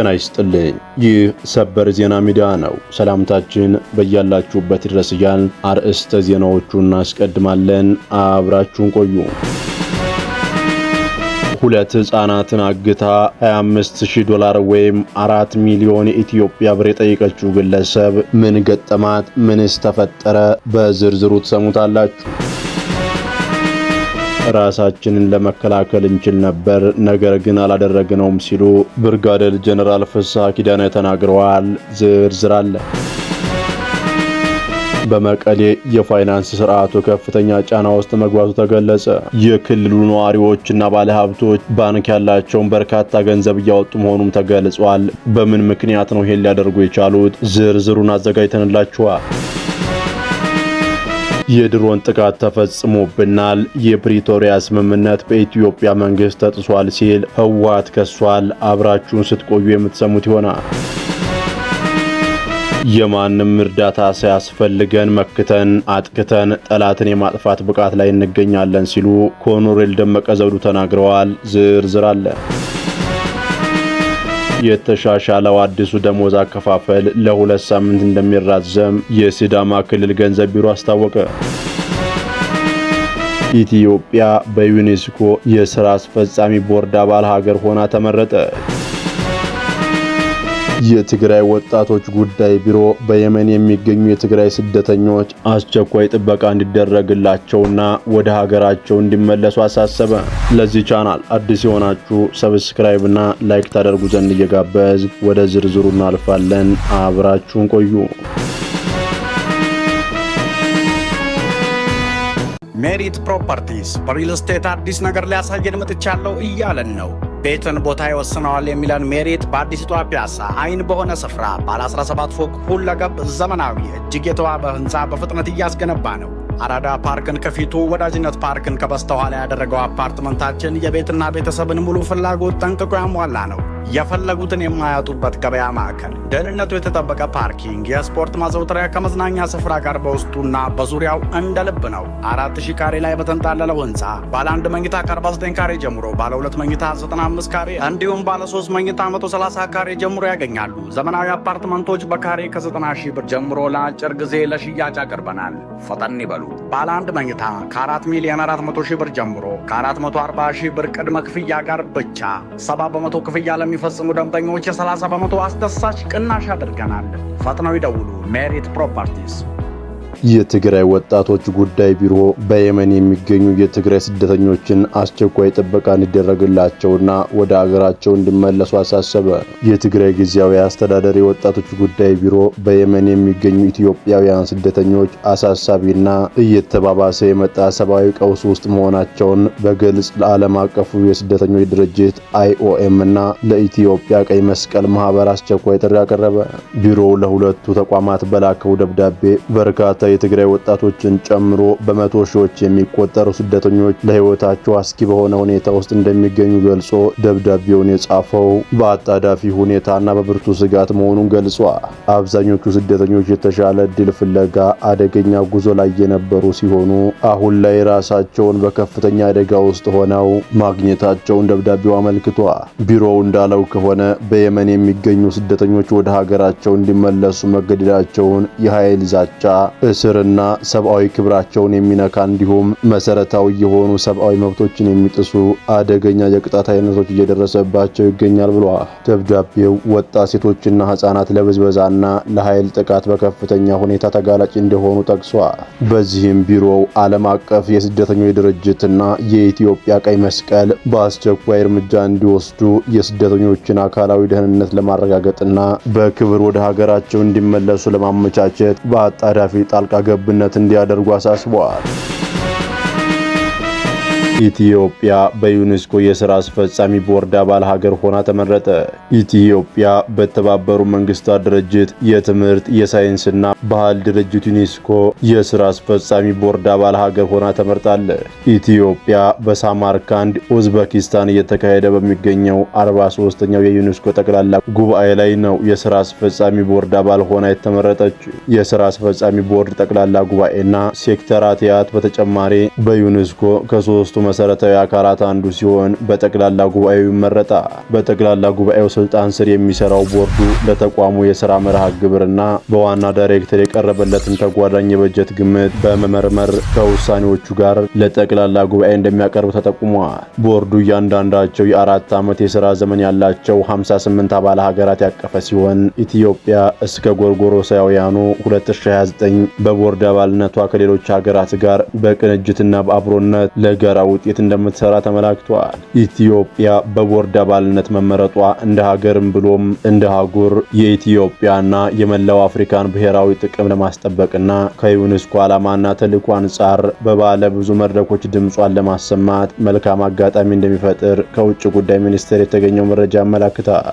ጤና ይስጥልኝ። ይህ ሰበር ዜና ሚዲያ ነው። ሰላምታችን በያላችሁበት ይድረስ እያል አርዕስተ ዜናዎቹን እናስቀድማለን። አብራችሁን ቆዩ። ሁለት ህጻናትን አግታ 25000 ዶላር ወይም 4 ሚሊዮን የኢትዮጵያ ብር የጠየቀችው ግለሰብ ምን ገጠማት? ምንስ ተፈጠረ? በዝርዝሩ ትሰሙታላችሁ። ራሳችንን ለመከላከል እንችል ነበር፣ ነገር ግን አላደረግነውም ሲሉ ብርጋዴር ጀነራል ፍስሐ ኪዳነ ተናግረዋል። ዝርዝር አለ። በመቀሌ የፋይናንስ ስርዓቱ ከፍተኛ ጫና ውስጥ መግባቱ ተገለጸ። የክልሉ ነዋሪዎችና ባለሀብቶች ባንክ ያላቸውን በርካታ ገንዘብ እያወጡ መሆኑም ተገልጿል። በምን ምክንያት ነው ይሄን ሊያደርጉ የቻሉት? ዝርዝሩን አዘጋጅተንላችኋል። የድሮን ጥቃት ተፈጽሞብናል፣ የፕሪቶሪያ ስምምነት በኢትዮጵያ መንግስት ተጥሷል ሲል ህወሓት ከሷል። አብራችሁን ስትቆዩ የምትሰሙት ይሆናል። የማንም እርዳታ ሳያስፈልገን መክተን አጥቅተን ጠላትን የማጥፋት ብቃት ላይ እንገኛለን ሲሉ ኮሎኔል ደመቀ ዘውዱ ተናግረዋል። ዝርዝር አለ። የተሻሻለው አዲሱ ደሞዝ አከፋፈል ለሁለት ሳምንት እንደሚራዘም የሲዳማ ክልል ገንዘብ ቢሮ አስታወቀ። ኢትዮጵያ በዩኔስኮ የሥራ አስፈጻሚ ቦርድ አባል ሀገር ሆና ተመረጠ። የትግራይ ወጣቶች ጉዳይ ቢሮ በየመን የሚገኙ የትግራይ ስደተኞች አስቸኳይ ጥበቃ እንዲደረግላቸውና ወደ ሀገራቸው እንዲመለሱ አሳሰበ። ለዚህ ቻናል አዲስ የሆናችሁ ሰብስክራይብና ላይክ ታደርጉ ዘንድ እየጋበዝ ወደ ዝርዝሩ እናልፋለን። አብራችሁን ቆዩ። ሜሪት ፕሮፐርቲስ በሪል ስቴት አዲስ ነገር ሊያሳየን መጥቻለሁ እያለን ነው ቤትን ቦታ ይወስነዋል የሚለን ሜሪት በአዲስቷ ፒያሳ አይን በሆነ ስፍራ ባለ 17 ፎቅ ሁለገብ ዘመናዊ እጅግ የተዋበ ህንፃ በፍጥነት እያስገነባ ነው። አራዳ ፓርክን ከፊቱ ወዳጅነት ፓርክን ከበስተኋላ ያደረገው አፓርትመንታችን የቤትና ቤተሰብን ሙሉ ፍላጎት ጠንቅቆ ያሟላ ነው። የፈለጉትን የማያጡበት ገበያ ማዕከል፣ ደህንነቱ የተጠበቀ ፓርኪንግ፣ የስፖርት ማዘውተሪያ ከመዝናኛ ስፍራ ጋር በውስጡና በዙሪያው እንደ ልብ ነው። አራት ሺህ ካሬ ላይ በተንጣለለው ህንፃ ባለ አንድ መኝታ ከ49 ካሬ ጀምሮ ባለ ሁለት መኝታ 95 ካሬ እንዲሁም ባለ ሶስት መኝታ 130 ካሬ ጀምሮ ያገኛሉ። ዘመናዊ አፓርትመንቶች በካሬ ከ90 ሺህ ብር ጀምሮ ለአጭር ጊዜ ለሽያጭ አቅርበናል። ፈጠን ይበሉ። ባለ አንድ መኝታ ከ4 ሚሊዮን 400 ሺህ ብር ጀምሮ ከ440 ሺህ ብር ቅድመ ክፍያ ጋር ብቻ 70 በመቶ ክፍያ ለሚ ለሚፈጽሙ ደንበኞች የ30 በመቶ አስደሳች ቅናሽ አድርገናል። ፈጥነው ይደውሉ። ሜሪት ፕሮፐርቲስ የትግራይ ወጣቶች ጉዳይ ቢሮ በየመን የሚገኙ የትግራይ ስደተኞችን አስቸኳይ ጥበቃ እንዲደረግላቸውና ወደ አገራቸው እንዲመለሱ አሳሰበ። የትግራይ ጊዜያዊ አስተዳደር የወጣቶች ጉዳይ ቢሮ በየመን የሚገኙ ኢትዮጵያውያን ስደተኞች አሳሳቢና እየተባባሰ የመጣ ሰብአዊ ቀውስ ውስጥ መሆናቸውን በግልጽ ለዓለም አቀፉ የስደተኞች ድርጅት አይኦኤም እና ለኢትዮጵያ ቀይ መስቀል ማህበር አስቸኳይ ጥሪ አቀረበ። ቢሮው ለሁለቱ ተቋማት በላከው ደብዳቤ በርካታ የትግራይ ወጣቶችን ጨምሮ በመቶ ሺዎች የሚቆጠሩ ስደተኞች ለህይወታቸው አስኪ በሆነ ሁኔታ ውስጥ እንደሚገኙ ገልጾ ደብዳቤውን የጻፈው በአጣዳፊ ሁኔታና በብርቱ ስጋት መሆኑን ገልጿል። አብዛኞቹ ስደተኞች የተሻለ እድል ፍለጋ አደገኛ ጉዞ ላይ የነበሩ ሲሆኑ አሁን ላይ ራሳቸውን በከፍተኛ አደጋ ውስጥ ሆነው ማግኘታቸውን ደብዳቤው አመልክቷል። ቢሮው እንዳለው ከሆነ በየመን የሚገኙ ስደተኞች ወደ ሀገራቸው እንዲመለሱ መገደዳቸውን የኃይል ዛቻ ንስርና ሰብአዊ ክብራቸውን የሚነካ እንዲሁም መሰረታዊ የሆኑ ሰብአዊ መብቶችን የሚጥሱ አደገኛ የቅጣት አይነቶች እየደረሰባቸው ይገኛል ብለዋል። ደብዳቤው ወጣት ሴቶችና ህጻናት ለብዝበዛና ለኃይል ጥቃት በከፍተኛ ሁኔታ ተጋላጭ እንደሆኑ ጠቅሷል። በዚህም ቢሮው ዓለም አቀፍ የስደተኞች ድርጅትና የኢትዮጵያ ቀይ መስቀል በአስቸኳይ እርምጃ እንዲወስዱ የስደተኞችን አካላዊ ደህንነት ለማረጋገጥና በክብር ወደ ሀገራቸው እንዲመለሱ ለማመቻቸት በአጣዳፊ ጣል ጣልቃ ገብነት እንዲያደርጉ አሳስበዋል። ኢትዮጵያ በዩኔስኮ የሥራ አስፈጻሚ ቦርድ አባል ሀገር ሆና ተመረጠ። ኢትዮጵያ በተባበሩ መንግስታት ድርጅት የትምህርት የሳይንስና ባህል ድርጅት ዩኔስኮ የሥራ አስፈጻሚ ቦርድ አባል ሀገር ሆና ተመርጣለች። ኢትዮጵያ በሳማርካንድ ኡዝበኪስታን እየተካሄደ በሚገኘው 43ኛው የዩኔስኮ ጠቅላላ ጉባኤ ላይ ነው የሥራ አስፈጻሚ ቦርድ አባል ሆና የተመረጠች። የሥራ አስፈጻሚ ቦርድ ጠቅላላ ጉባኤና ሴክተራትያት በተጨማሪ በዩኔስኮ ከሶስቱ መሰረታዊ አካላት አንዱ ሲሆን በጠቅላላ ጉባኤው ይመረጣል። በጠቅላላ ጉባኤው ስልጣን ስር የሚሰራው ቦርዱ ለተቋሙ የስራ መርሃ ግብርና በዋና ዳይሬክተር የቀረበለትን ተጓዳኝ የበጀት ግምት በመመርመር ከውሳኔዎቹ ጋር ለጠቅላላ ጉባኤ እንደሚያቀርብ ተጠቁሟል። ቦርዱ እያንዳንዳቸው የአራት ዓመት የስራ ዘመን ያላቸው 58 አባል ሀገራት ያቀፈ ሲሆን ኢትዮጵያ እስከ ጎርጎሮሳውያኑ 2029 በቦርድ አባልነቷ ከሌሎች ሀገራት ጋር በቅንጅትና በአብሮነት ለጋራው ውጤት እንደምትሰራ ተመላክቷል። ኢትዮጵያ በቦርድ አባልነት መመረጧ እንደ ሀገርም ብሎም እንደ አህጉር የኢትዮጵያና የመላው አፍሪካን ብሔራዊ ጥቅም ለማስጠበቅና ከዩኔስኮ ዓላማና ተልዕኮ አንጻር በባለ ብዙ መድረኮች ድምጿን ለማሰማት መልካም አጋጣሚ እንደሚፈጥር ከውጭ ጉዳይ ሚኒስቴር የተገኘው መረጃ ያመላክታል።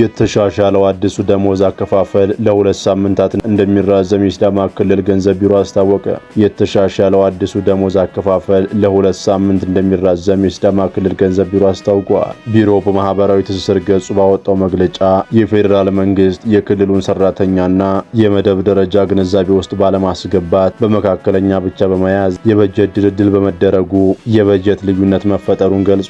የተሻሻለው አዲሱ ደሞዝ አከፋፈል ለሁለት ሳምንታት እንደሚራዘም የሲዳማ ክልል ገንዘብ ቢሮ አስታወቀ። የተሻሻለው አዲሱ ደሞዝ አከፋፈል ለሁለት ሳምንት እንደሚራዘም የሲዳማ ክልል ገንዘብ ቢሮ አስታውቋል። ቢሮው በማህበራዊ ትስስር ገጹ ባወጣው መግለጫ የፌዴራል መንግስት የክልሉን ሰራተኛና የመደብ ደረጃ ግንዛቤ ውስጥ ባለማስገባት በመካከለኛ ብቻ በመያዝ የበጀት ድልድል በመደረጉ የበጀት ልዩነት መፈጠሩን ገልጿል።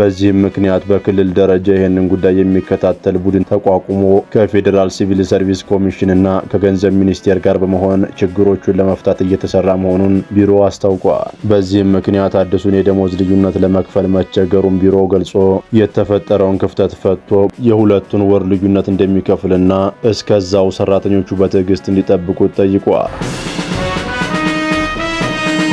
በዚህም ምክንያት በክልል ደረጃ ይህንን ጉዳይ የሚከታተል የሚከታተል ቡድን ተቋቁሞ ከፌዴራል ሲቪል ሰርቪስ ኮሚሽን እና ከገንዘብ ሚኒስቴር ጋር በመሆን ችግሮቹን ለመፍታት እየተሰራ መሆኑን ቢሮ አስታውቋል። በዚህም ምክንያት አዲሱን የደሞዝ ልዩነት ለመክፈል መቸገሩን ቢሮ ገልጾ የተፈጠረውን ክፍተት ፈቶ የሁለቱን ወር ልዩነት እንደሚከፍልና እስከዛው ሰራተኞቹ በትዕግስት እንዲጠብቁት ጠይቋል።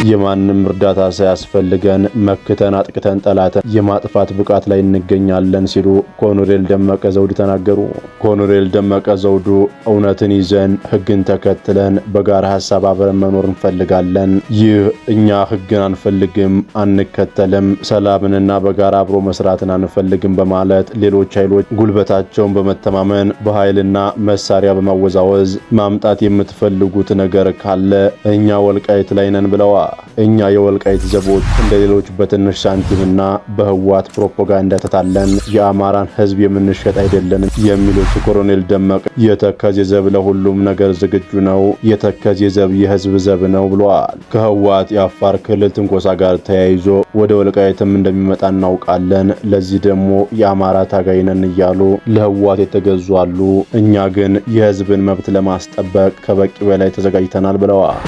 የማንም እርዳታ ሳያስፈልገን መክተን አጥቅተን ጠላተን የማጥፋት ብቃት ላይ እንገኛለን ሲሉ ኮሎኔል ደመቀ ዘውድ ተናገሩ። ኮሎኔል ደመቀ ዘውዱ እውነትን ይዘን ህግን ተከትለን በጋራ ሀሳብ አብረን መኖር እንፈልጋለን። ይህ እኛ ህግን አንፈልግም፣ አንከተልም፣ ሰላምንና በጋራ አብሮ መስራትን አንፈልግም በማለት ሌሎች ኃይሎች ጉልበታቸውን በመተማመን በኃይልና መሳሪያ በማወዛወዝ ማምጣት የምትፈልጉት ነገር ካለ እኛ ወልቃይት ላይ ነን ብለዋል። እኛ የወልቃይት ዘቦች እንደ ሌሎች በትንሽ ሳንቲምና በህዋት ፕሮፓጋንዳ ተታለን የአማራን ህዝብ የምንሸጥ አይደለንም የሚሉት ኮሎኔል ደመቀ የተከዜ ዘብ ለሁሉም ነገር ዝግጁ ነው፣ የተከዜ ዘብ የህዝብ ዘብ ነው ብለዋል። ከህዋት የአፋር ክልል ትንኮሳ ጋር ተያይዞ ወደ ወልቃይትም እንደሚመጣ እናውቃለን። ለዚህ ደግሞ የአማራ ታጋይ ነን እያሉ ለህዋት የተገዙ አሉ። እኛ ግን የህዝብን መብት ለማስጠበቅ ከበቂ በላይ ተዘጋጅተናል ብለዋል።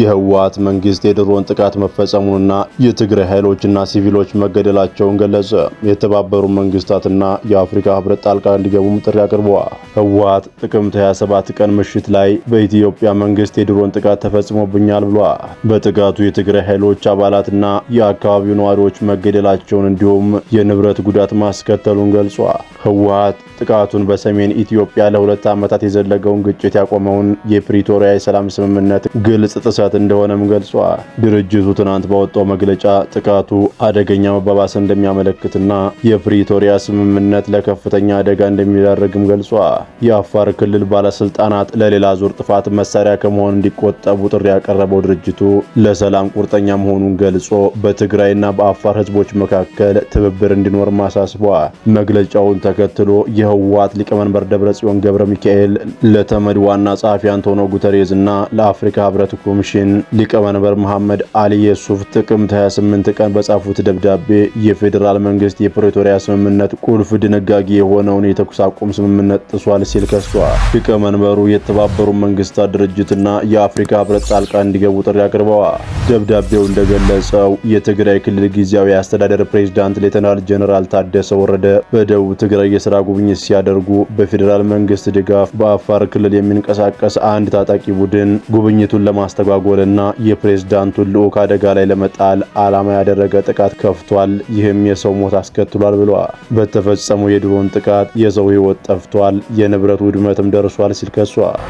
የህወሓት መንግስት የድሮን ጥቃት መፈጸሙንና የትግራይ ኃይሎችና ሲቪሎች መገደላቸውን ገለጸ። የተባበሩት መንግስታትና የአፍሪካ ህብረት ጣልቃ እንዲገቡም ጥሪ አቅርበዋል። ህወሓት ጥቅምት 27 ቀን ምሽት ላይ በኢትዮጵያ መንግስት የድሮን ጥቃት ተፈጽሞብኛል ብሏል። በጥቃቱ የትግራይ ኃይሎች አባላትና የአካባቢው ነዋሪዎች መገደላቸውን እንዲሁም የንብረት ጉዳት ማስከተሉን ገልጿል። ህወሓት ጥቃቱን በሰሜን ኢትዮጵያ ለሁለት ዓመታት የዘለገውን ግጭት ያቆመውን የፕሪቶሪያ የሰላም ስምምነት ግልጽ ጥሰ እየደረሳት እንደሆነም ገልጿል። ድርጅቱ ትናንት ባወጣው መግለጫ ጥቃቱ አደገኛ መባባስ እንደሚያመለክትና የፕሪቶሪያ ስምምነት ለከፍተኛ አደጋ እንደሚዳረግም ገልጿል። የአፋር ክልል ባለስልጣናት ለሌላ ዙር ጥፋት መሳሪያ ከመሆን እንዲቆጠቡ ጥሪ ያቀረበው ድርጅቱ ለሰላም ቁርጠኛ መሆኑን ገልጾ በትግራይና በአፋር ህዝቦች መካከል ትብብር እንዲኖር አሳስቧል። መግለጫውን ተከትሎ የህወሓት ሊቀመንበር ደብረጽዮን ገብረ ሚካኤል ለተመድ ዋና ጸሐፊ አንቶኒዮ ጉተሬዝ እና ለአፍሪካ ህብረት ኮሚሽን ኮሚሽን ሊቀመንበር መሐመድ አሊ የሱፍ ጥቅምት 28 ቀን በጻፉት ደብዳቤ የፌዴራል መንግስት የፕሪቶሪያ ስምምነት ቁልፍ ድንጋጌ የሆነውን የተኩስ አቁም ስምምነት ጥሷል ሲል ከሷል። ሊቀመንበሩ የተባበሩት መንግስታት ድርጅትና የአፍሪካ ህብረት ጣልቃ እንዲገቡ ጥሪ አቅርበዋል። ደብዳቤው እንደገለጸው የትግራይ ክልል ጊዜያዊ አስተዳደር ፕሬዝዳንት ሌተናል ጀኔራል ታደሰ ወረደ በደቡብ ትግራይ የስራ ጉብኝት ሲያደርጉ በፌዴራል መንግስት ድጋፍ በአፋር ክልል የሚንቀሳቀስ አንድ ታጣቂ ቡድን ጉብኝቱን ለማስተጓጎል ለማስተጓጎልና የፕሬዝዳንቱን ልዑክ አደጋ ላይ ለመጣል ዓላማ ያደረገ ጥቃት ከፍቷል። ይህም የሰው ሞት አስከትሏል ብሏል። በተፈጸመው የድሮን ጥቃት የሰው ሕይወት ጠፍቷል፣ የንብረት ውድመትም ደርሷል ሲል ከሷል።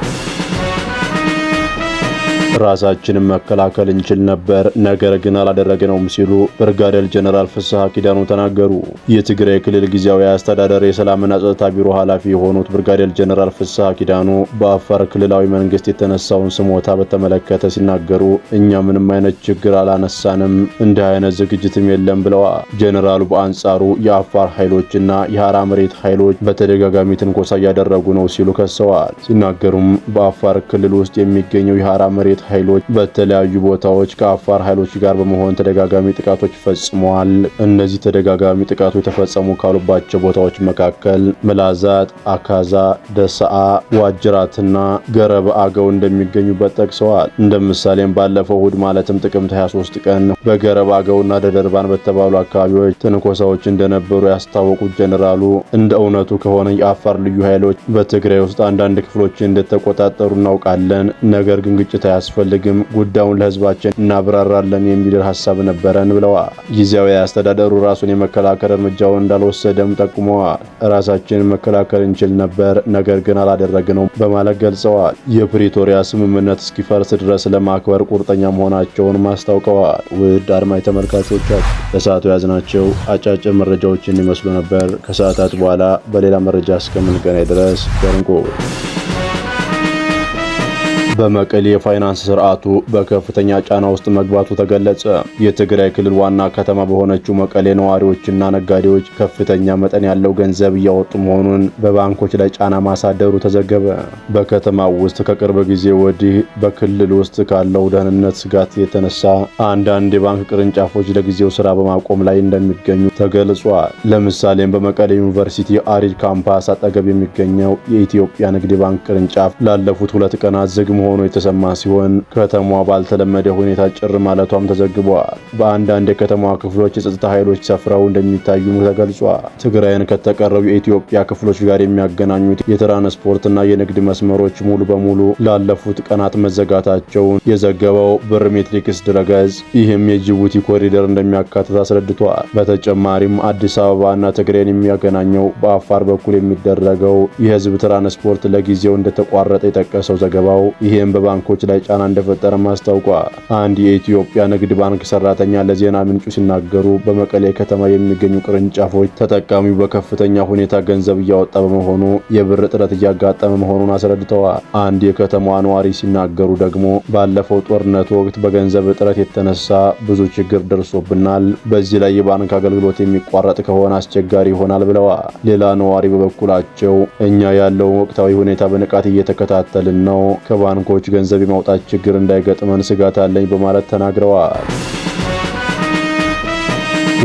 ራሳችንን መከላከል እንችል ነበር፣ ነገር ግን አላደረግነውም ሲሉ ብርጋዴር ጀነራል ፍስሐ ኪዳኑ ተናገሩ። የትግራይ ክልል ጊዜያዊ አስተዳደር የሰላምና ጸጥታ ቢሮ ኃላፊ የሆኑት ብርጋዴር ጀነራል ፍስሐ ኪዳኑ በአፋር ክልላዊ መንግስት የተነሳውን ስሞታ በተመለከተ ሲናገሩ እኛ ምንም አይነት ችግር አላነሳንም፣ እንዲህ አይነት ዝግጅትም የለም ብለዋል። ጀነራሉ በአንጻሩ የአፋር ኃይሎችና የሀራ መሬት ኃይሎች በተደጋጋሚ ትንኮሳ እያደረጉ ነው ሲሉ ከሰዋል። ሲናገሩም በአፋር ክልል ውስጥ የሚገኘው የሀራ መሬት ኃይሎች በተለያዩ ቦታዎች ከአፋር ኃይሎች ጋር በመሆን ተደጋጋሚ ጥቃቶች ፈጽመዋል። እነዚህ ተደጋጋሚ ጥቃቶች የተፈጸሙ ካሉባቸው ቦታዎች መካከል መላዛት፣ አካዛ፣ ደሰአ፣ ዋጅራትና ገረብ አገው እንደሚገኙበት ጠቅሰዋል። እንደ ምሳሌም ባለፈው እሁድ ማለትም ጥቅምት 23 ቀን በገረብ አገውና ደደርባን በተባሉ አካባቢዎች ትንኮሳዎች እንደነበሩ ያስታወቁት ጀኔራሉ እንደ እውነቱ ከሆነ የአፋር ልዩ ኃይሎች በትግራይ ውስጥ አንዳንድ ክፍሎች እንደተቆጣጠሩ እናውቃለን። ነገር ግን ግጭት አያስ አያስፈልግም፣ ጉዳዩን ለህዝባችን እናብራራለን የሚል ሀሳብ ነበረን ብለዋል። ጊዜያዊ አስተዳደሩ ራሱን የመከላከል እርምጃውን እንዳልወሰደም ጠቁመዋል። ራሳችንን መከላከል እንችል ነበር፣ ነገር ግን አላደረግነው በማለት ገልጸዋል። የፕሪቶሪያ ስምምነት እስኪፈርስ ድረስ ለማክበር ቁርጠኛ መሆናቸውን ማስታውቀዋል። ውድ አድማጭ ተመልካቾቻችን ለሰዓቱ የያዝናቸው አጫጭር መረጃዎችን ይመስሉ ነበር። ከሰዓታት በኋላ በሌላ መረጃ እስከምንገናኝ ድረስ ደርንቆ በመቀሌ የፋይናንስ ስርዓቱ በከፍተኛ ጫና ውስጥ መግባቱ ተገለጸ። የትግራይ ክልል ዋና ከተማ በሆነችው መቀሌ ነዋሪዎችና ነጋዴዎች ከፍተኛ መጠን ያለው ገንዘብ እያወጡ መሆኑን በባንኮች ላይ ጫና ማሳደሩ ተዘገበ። በከተማው ውስጥ ከቅርብ ጊዜ ወዲህ በክልል ውስጥ ካለው ደህንነት ስጋት የተነሳ አንዳንድ የባንክ ቅርንጫፎች ለጊዜው ስራ በማቆም ላይ እንደሚገኙ ተገልጿል። ለምሳሌም በመቀሌ ዩኒቨርሲቲ አሪድ ካምፓስ አጠገብ የሚገኘው የኢትዮጵያ ንግድ ባንክ ቅርንጫፍ ላለፉት ሁለት ቀናት ዝግ መሆኑ የተሰማ ሲሆን ከተማዋ ባልተለመደ ሁኔታ ጭር ማለቷም ተዘግቧል። በአንዳንድ የከተማዋ ክፍሎች የጸጥታ ኃይሎች ሰፍረው እንደሚታዩም ተገልጿል። ትግራይን ከተቀረው የኢትዮጵያ ክፍሎች ጋር የሚያገናኙት የትራንስፖርትና የንግድ መስመሮች ሙሉ በሙሉ ላለፉት ቀናት መዘጋታቸውን የዘገበው ብር ሜትሪክስ ድረገጽ ይህም የጅቡቲ ኮሪደር እንደሚያካትት አስረድቷል። በተጨማሪም አዲስ አበባና ትግራይን የሚያገናኘው በአፋር በኩል የሚደረገው የህዝብ ትራንስፖርት ለጊዜው እንደተቋረጠ የጠቀሰው ዘገባው ይህም በባንኮች ላይ ጫና እንደፈጠረም አስታውቋል። አንድ የኢትዮጵያ ንግድ ባንክ ሰራተኛ ለዜና ምንጩ ሲናገሩ በመቀሌ ከተማ የሚገኙ ቅርንጫፎች ተጠቃሚው በከፍተኛ ሁኔታ ገንዘብ እያወጣ በመሆኑ የብር እጥረት እያጋጠመ መሆኑን አስረድተዋል። አንድ የከተማዋ ነዋሪ ሲናገሩ ደግሞ ባለፈው ጦርነት ወቅት በገንዘብ እጥረት የተነሳ ብዙ ችግር ደርሶብናል። በዚህ ላይ የባንክ አገልግሎት የሚቋረጥ ከሆነ አስቸጋሪ ይሆናል ብለዋል። ሌላ ነዋሪ በበኩላቸው እኛ ያለውን ወቅታዊ ሁኔታ በንቃት እየተከታተልን ነው። ከባንኩ ባንኮች ገንዘብ የማውጣት ችግር እንዳይገጥመን ስጋት አለኝ በማለት ተናግረዋል።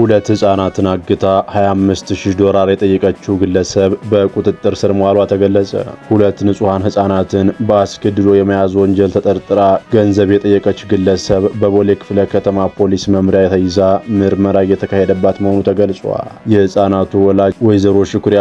ሁለት ህጻናትን አግታ 25000 ዶላር የጠየቀችው ግለሰብ በቁጥጥር ስር መዋሏ ተገለጸ። ሁለት ንጹሃን ህጻናትን በአስገድዶ የመያዝ ወንጀል ተጠርጥራ ገንዘብ የጠየቀች ግለሰብ በቦሌ ክፍለ ከተማ ፖሊስ መምሪያ ተይዛ ምርመራ እየተካሄደባት መሆኑ ተገልጿል። የህጻናቱ ወላጅ ወይዘሮ ሽኩሪ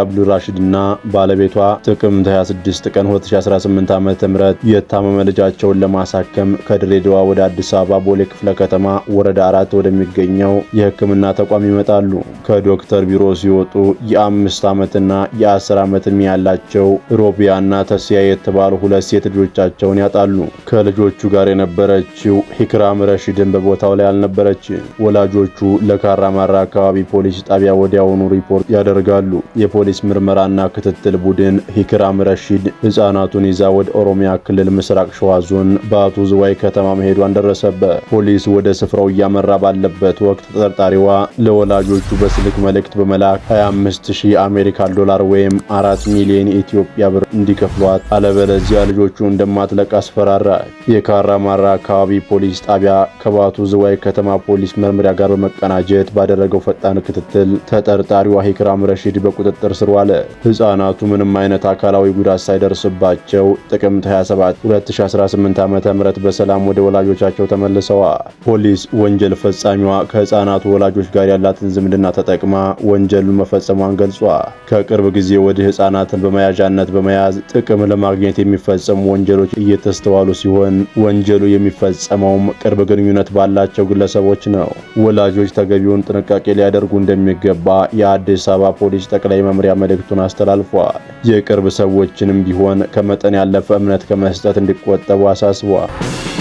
እና ባለቤቷ ጥቅምት 26 ቀን 2018 ዓ.ም የታመመ ልጃቸውን ለማሳከም ከድሬዳዋ ወደ አዲስ አበባ ቦሌ ክፍለ ከተማ ወረዳ አራት ወደሚገኘው የህክምና ተቋም ይመጣሉ። ከዶክተር ቢሮ ሲወጡ የአምስት ዓመትና የአስር ዓመት ዕድሜ ያላቸው ሮቢያና ተስያ የተባሉ ሁለት ሴት ልጆቻቸውን ያጣሉ። ከልጆቹ ጋር የነበረችው ሂክራም ረሺድን በቦታው ላይ አልነበረች። ወላጆቹ ለካራማራ አካባቢ ፖሊስ ጣቢያ ወዲያውኑ ሪፖርት ያደርጋሉ። የፖሊስ ምርመራና ክትትል ቡድን ሂክራም ረሺድ ህፃናቱን ይዛ ወደ ኦሮሚያ ክልል ምስራቅ ሸዋ ዞን በአቶ ዝዋይ ከተማ መሄዷን ደረሰበት። ፖሊስ ወደ ስፍራው እያመራ ባለበት ወቅት ተጠርጣሪዋ ለወላጆቹ በስልክ መልእክት በመላክ 25000 አሜሪካን ዶላር ወይም 4 ሚሊዮን ኢትዮጵያ ብር እንዲከፍሏት አለበለዚያ ልጆቹ እንደማትለቅ አስፈራራ። የካራማራ አካባቢ ፖሊስ ጣቢያ ከባቱ ዝዋይ ከተማ ፖሊስ መርመሪያ ጋር በመቀናጀት ባደረገው ፈጣን ክትትል ተጠርጣሪው አሂክራም ረሺድ በቁጥጥር ስር ዋለ። ህጻናቱ ምንም አይነት አካላዊ ጉዳት ሳይደርስባቸው ጥቅምት 27 2018 ዓ.ም በሰላም ወደ ወላጆቻቸው ተመልሰዋል። ፖሊስ ወንጀል ፈጻሚዋ ከህፃናቱ ወላጆች ጋር ጋር ያላትን ዝምድና ተጠቅማ ወንጀሉን መፈጸሟን ገልጿ። ከቅርብ ጊዜ ወዲህ ሕፃናትን በመያዣነት በመያዝ ጥቅም ለማግኘት የሚፈጸሙ ወንጀሎች እየተስተዋሉ ሲሆን ወንጀሉ የሚፈጸመውም ቅርብ ግንኙነት ባላቸው ግለሰቦች ነው። ወላጆች ተገቢውን ጥንቃቄ ሊያደርጉ እንደሚገባ የአዲስ አበባ ፖሊስ ጠቅላይ መምሪያ መልእክቱን አስተላልፏል። የቅርብ ሰዎችንም ቢሆን ከመጠን ያለፈ እምነት ከመስጠት እንዲቆጠቡ አሳስቧል።